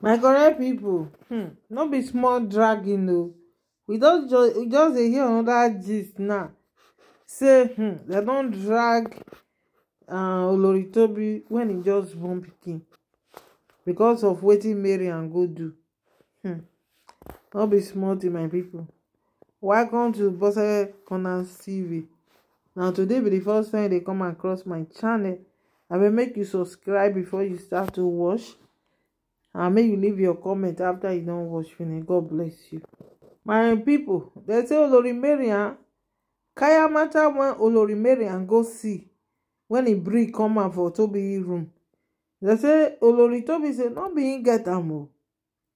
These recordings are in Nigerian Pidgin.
my correct people, hmm no be small dragging o we just just dey hear another gist now say hmm dem don drag uh, oloritobi when he just born pikin becos of wetin marian go do hmm no be small tin my people. welcome to bose corners tv Now today be the first time i dey come across my channel I abeg make you subscribe before you start to watch and may you leave your comment after you don watch finish god bless you my people. They say olori marian kayamata wen olori marian go see when he bring come out for Toby room They say olori Toby say not be him get ammo,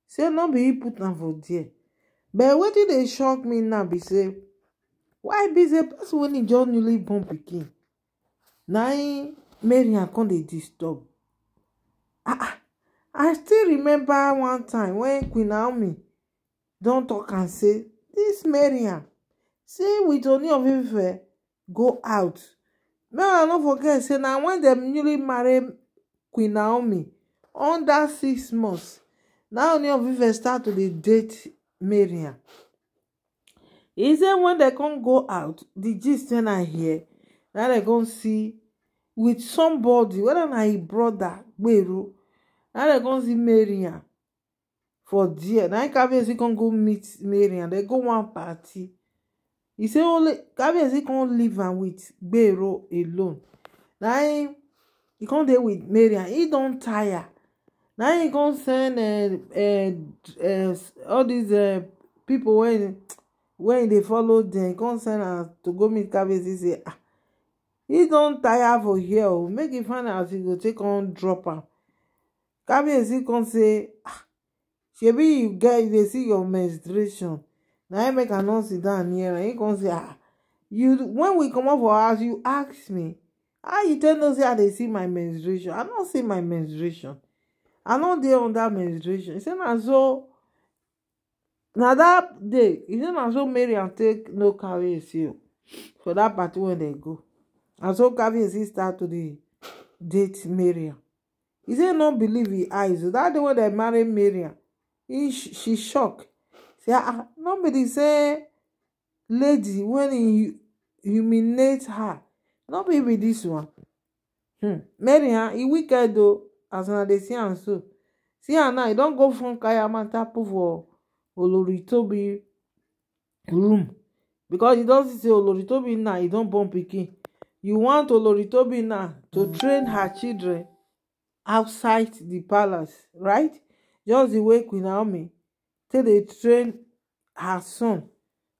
say not be him put am for there but what wetin they shock me now be say why be say person when he just newly born pikin na him marian come disturb ah ah i still remember one time when queen naomi don't talk and say this Maria, say we don't even ife go out make i no forget say now when dem newly married queen naomi under six months now oni of ife start to the date Maria. e say wen dem come go out the gist when i hear na dem come see with somebody weda na im e broda gbero na dem come see mariam for dear. there na kabiyesi come go meet mariam They go one party He say only kabiyesi come live and with gbero alone Now he he can't deal with mariam He don't tire na him come send uh, uh, uh, all these uh, people when when they follow dem come send am to go meet He say ah e don tire for here make e find as he go take on drop am kabiyesi come say ah shebi you get you dey see your menstruation na im make i no sit down near am im come say ah you when we comot for house you ask me how you take know say i dey see my menstruation i no see my menstruation i no dey under menstruation he say na so na that day he say na so mariam take know kabiyesi o for that party wey dem go na so kabiyesi start to dey date mariam He say no believe his eyes That the day wey dem marry he she shocked. say ah nobody say lady when he humiliate her no be this one hmm mariam e wicked though as una dey see and so see am now e don't go from kayamata put for oloritobi room because he doesn't say oloritobi now He don't bump pikin you want oloritobi now to train her children outside the palace right just the way queen naomi Till dey train her son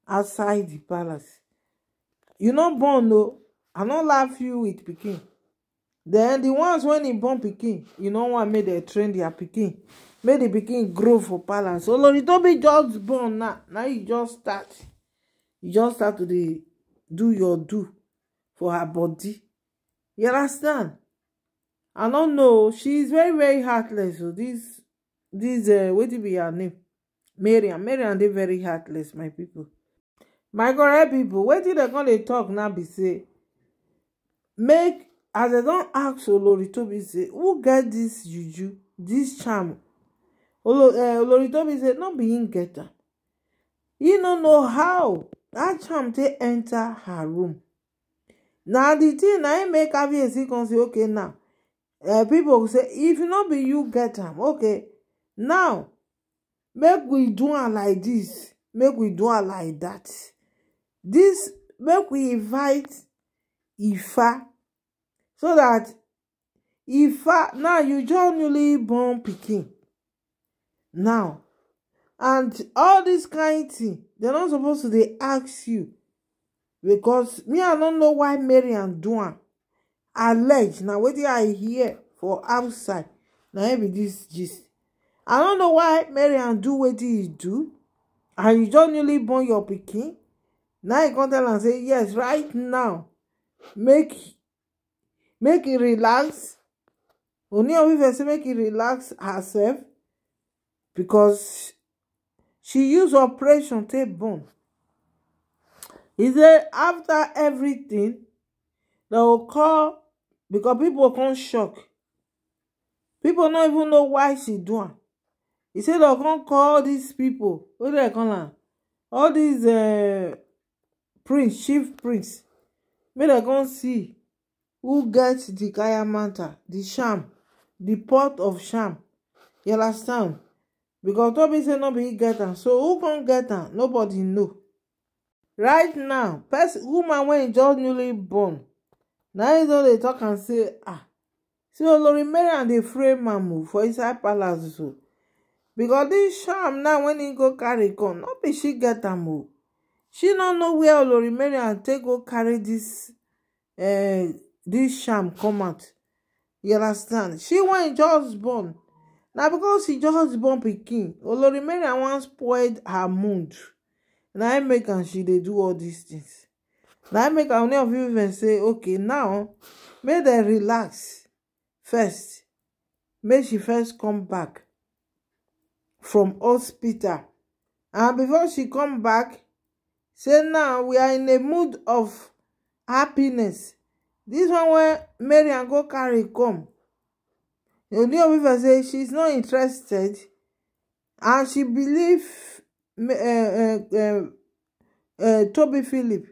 outside the palace you not born though. i no laugh you with pikin Then the ones when e born pikin you know wan made dem train dia pikin Made the pikin grow for palace don't be just born now Now you just start you just start to the do your do for her body you understand i no know she is very very heartless o oh. this this uh, wetin be her name maryam maryam dey very heartless my people. my correct pipo wetin dem con dey talk now be say. make as i don ask oloritobi say who get dis juju dis charm eh, oloritobi say no be him get am. e no know how dat charm take enter her room. na di tin na im make aviazi come say ok now. Eh, pipo go say if not be you get am okay now make we do it like this, make we do it like that. This make we invite ifa so that ifa now you just newly born pikin now and all dis kain thing, they're not supposed to They ask you because me i don't know why mary and do am allege what wetin i hear for outside Now im this, dis gist i don't know why mariam do wetin he do and you just newly born your picking? Now e come tell am say yes right now make make e relax Only of Ife say make e relax herself because she use operation take born e say after everything they will call because people come shock people don't even know why she doing. He said, "They oh, dem come call dis pipo wey they call am all these uh, prince chief prince May they come see who gets the kaya manta the sham the pot of sham you understand because tobi say nobody get them. so who can get them? nobody know right now person woman wey just newly born na is all they talk and say ah see olori mariam dey frame am for inside palace o because dis charm now wen he go carry come no be she get am o oh. she no know where olori mariam take go carry dis charm eh, come out you understand she wan just born na because she just born pikin olori mariam wan spoil her mood na im make am she dey do all dis things na make many of you even say okay now make dem relax first make she first come back from hospital and before she come back say now we are in a mood of happiness This one where Mary and go carry come oni of ife say she is not interested and she believe uh uh uh uh toby philip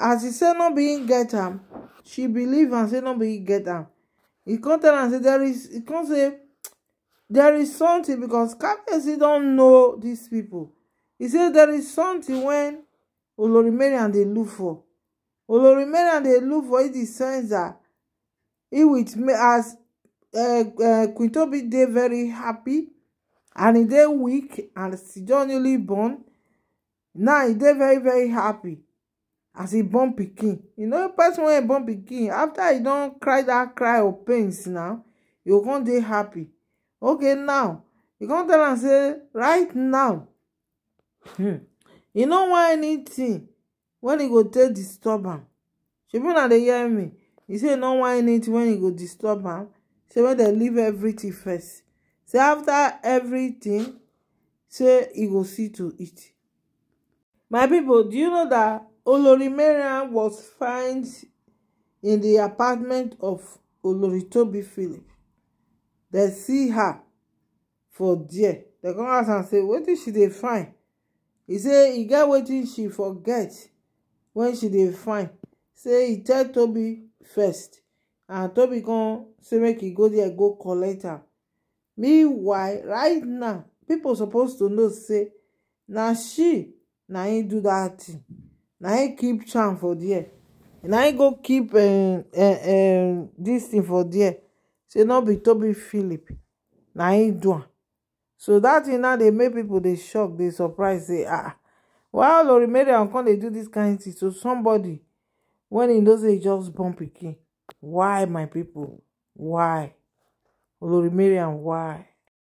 as he said, no be him get am she believe and say no be him get am e come tell am say there is he come say there is something because kabiyesi don know these people He say there is something when olori mariam dey look for olori mariam dey look for e dey sense that e with me as uh, uh, queen dey very happy and e dey weak and she just newly born now e dey very very happy as e born pikin you know person wey born pikin after e don cry that cry of pains now e go come dey happy okay now e come tell am say right now e no want anything wen e go take disturb am shebi una dey hear me e say e no want anything wen e go disturb am say make dem leave everything first say after everything say e go see to it. my people, do you know that? Olori Mariam was found in the apartment of Oloritobi Philip. They see her for there. They come out and say, "What wetin she dey find? He say e get did she forget when she dey find. Say he tell Toby first. And Toby come say make e go there go collect am. Meanwhile, right now, people supposed to know say now she now he do that thing na him keep charm for there na him go keep um, um, um, this thing for there say no be toby philip na him do am so that thing now dey make people dey shock dey surprise say ah, ah why olori mariam come dey do this kind thing to somebody when e know say e just born pikin why my people? why olori mariam why